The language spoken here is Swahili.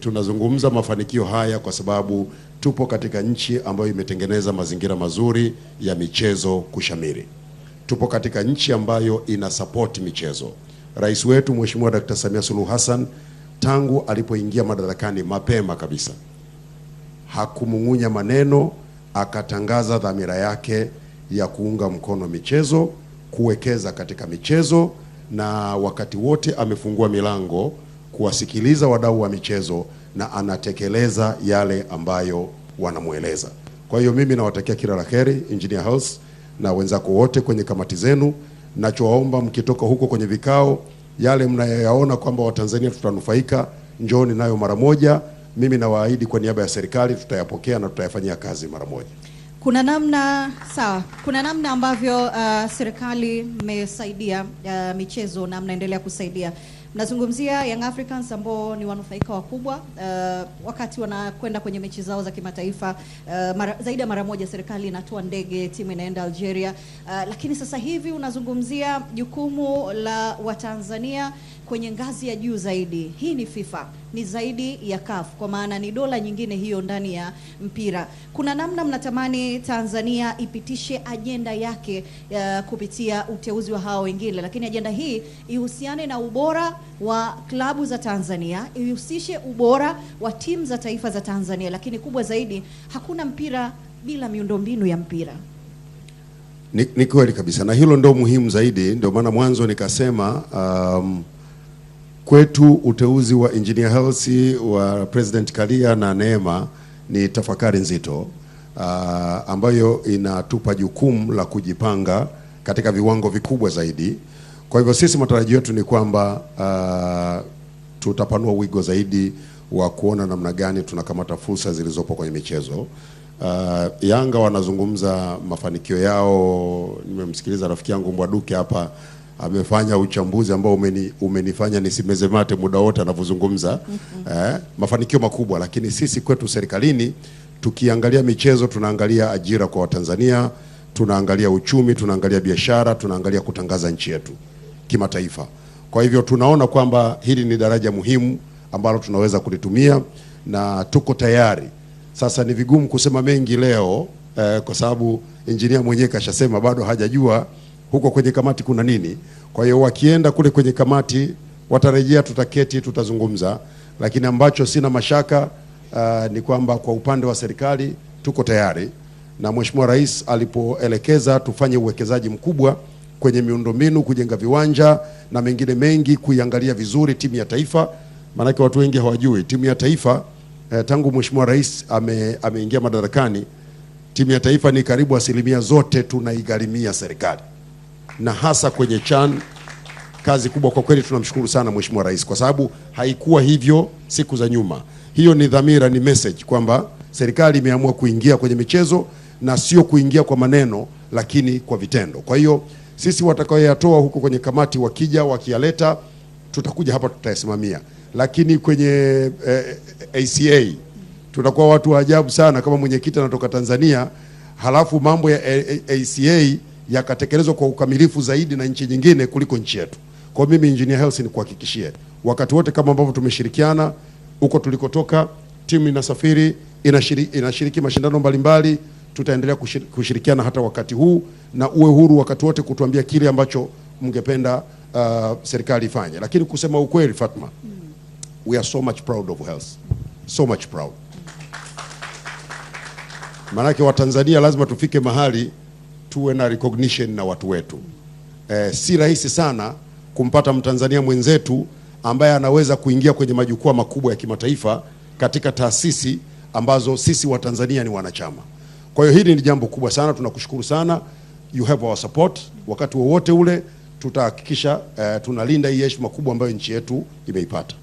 Tunazungumza mafanikio haya kwa sababu tupo katika nchi ambayo imetengeneza mazingira mazuri ya michezo kushamiri. Tupo katika nchi ambayo ina support michezo. Rais wetu Mheshimiwa Dr. Samia Suluhu Hassan tangu alipoingia madarakani mapema kabisa hakumung'unya maneno, akatangaza dhamira yake ya kuunga mkono michezo, kuwekeza katika michezo na wakati wote amefungua milango kuwasikiliza wadau wa michezo na anatekeleza yale ambayo wanamweleza. Kwa hiyo mimi nawatakia kila la heri Engineer House na wenzako wote kwenye kamati zenu. Nachowaomba mkitoka huko kwenye vikao, yale mnayoyaona kwamba Watanzania tutanufaika, njooni nayo mara moja. Mimi nawaahidi kwa niaba ya serikali tutayapokea na tutayafanyia kazi mara moja. Kuna namna sawa, kuna namna ambavyo uh, serikali mmesaidia uh, michezo na mnaendelea kusaidia Nazungumzia Young Africans ambao ni wanufaika wakubwa uh, wakati wanakwenda kwenye mechi zao za kimataifa uh, mara, zaidi ya mara moja serikali inatoa ndege, timu inaenda Algeria uh, lakini sasa hivi unazungumzia jukumu la Watanzania kwenye ngazi ya juu zaidi. Hii ni FIFA, ni zaidi ya CAF, kwa maana ni dola nyingine hiyo ndani ya mpira. Kuna namna mnatamani Tanzania ipitishe ajenda yake uh, kupitia uteuzi wa hao wengine, lakini ajenda hii ihusiane na ubora wa klabu za Tanzania, ihusishe ubora wa timu za taifa za Tanzania, lakini kubwa zaidi, hakuna mpira bila miundombinu ya mpira. Ni, ni kweli kabisa na hilo ndo muhimu zaidi. Ndio maana mwanzo nikasema um, kwetu uteuzi wa Engineer Hersi wa President Karia na Neema ni tafakari nzito uh, ambayo inatupa jukumu la kujipanga katika viwango vikubwa zaidi kwa hivyo sisi matarajio yetu ni kwamba uh, tutapanua wigo zaidi wa kuona namna gani tunakamata fursa zilizopo kwenye michezo. Uh, Yanga wanazungumza mafanikio yao. Nimemsikiliza rafiki yangu Mbwaduke hapa amefanya uchambuzi ambao umeni, umenifanya nisimeze mate muda wote anavyozungumza mm -hmm. Eh, mafanikio makubwa, lakini sisi kwetu serikalini tukiangalia michezo tunaangalia ajira kwa Watanzania, tunaangalia uchumi, tunaangalia biashara, tunaangalia kutangaza nchi yetu kimataifa. Kwa hivyo tunaona kwamba hili ni daraja muhimu ambalo tunaweza kulitumia na tuko tayari. Sasa ni vigumu kusema mengi leo eh, kwa sababu injinia mwenyewe kashasema bado hajajua huko kwenye kamati kuna nini. Kwa hiyo wakienda kule kwenye kamati watarejea, tutaketi, tutazungumza, lakini ambacho sina mashaka uh, ni kwamba kwa upande wa serikali tuko tayari, na Mheshimiwa Rais alipoelekeza tufanye uwekezaji mkubwa kwenye miundombinu, kujenga viwanja na mengine mengi, kuiangalia vizuri timu ya taifa, maanake watu wengi hawajui timu ya taifa eh, tangu Mheshimiwa Rais ame, ameingia madarakani timu ya taifa ni karibu asilimia zote tunaigharimia serikali na hasa kwenye CHAN kazi kubwa kwa kweli. Tunamshukuru sana Mheshimiwa Rais kwa sababu haikuwa hivyo siku za nyuma. Hiyo ni dhamira, ni message kwamba serikali imeamua kuingia kwenye michezo na sio kuingia kwa maneno, lakini kwa vitendo. Kwa hiyo sisi watakaoyatoa huko kwenye kamati wakija wakiyaleta, tutakuja hapa tutayasimamia, lakini kwenye eh, ACA tutakuwa watu wa ajabu sana kama mwenyekiti anatoka Tanzania halafu mambo ya ACA eh, yakatekelezwa kwa ukamilifu zaidi na nchi nyingine kuliko nchi yetu. Kwa mimi Engineer Hersi kuhakikishie wakati wote kama ambavyo tumeshirikiana huko tulikotoka, timu inasafiri inashiriki, inashiriki mashindano mbalimbali mbali tutaendelea kushirikiana hata wakati huu, na uwe huru wakati wote kutuambia kile ambacho mngependa uh, serikali ifanye. Lakini kusema ukweli, Fatma, we are so much proud of health, so much proud. Maanake Watanzania lazima tufike mahali tuwe na recognition na watu wetu. Eh, si rahisi sana kumpata Mtanzania mwenzetu ambaye anaweza kuingia kwenye majukwaa makubwa ya kimataifa katika taasisi ambazo sisi Watanzania ni wanachama. Kwa hiyo hili ni jambo kubwa sana, tunakushukuru sana, you have our support. Wakati wowote ule tutahakikisha uh, tunalinda hii heshima kubwa ambayo nchi yetu imeipata.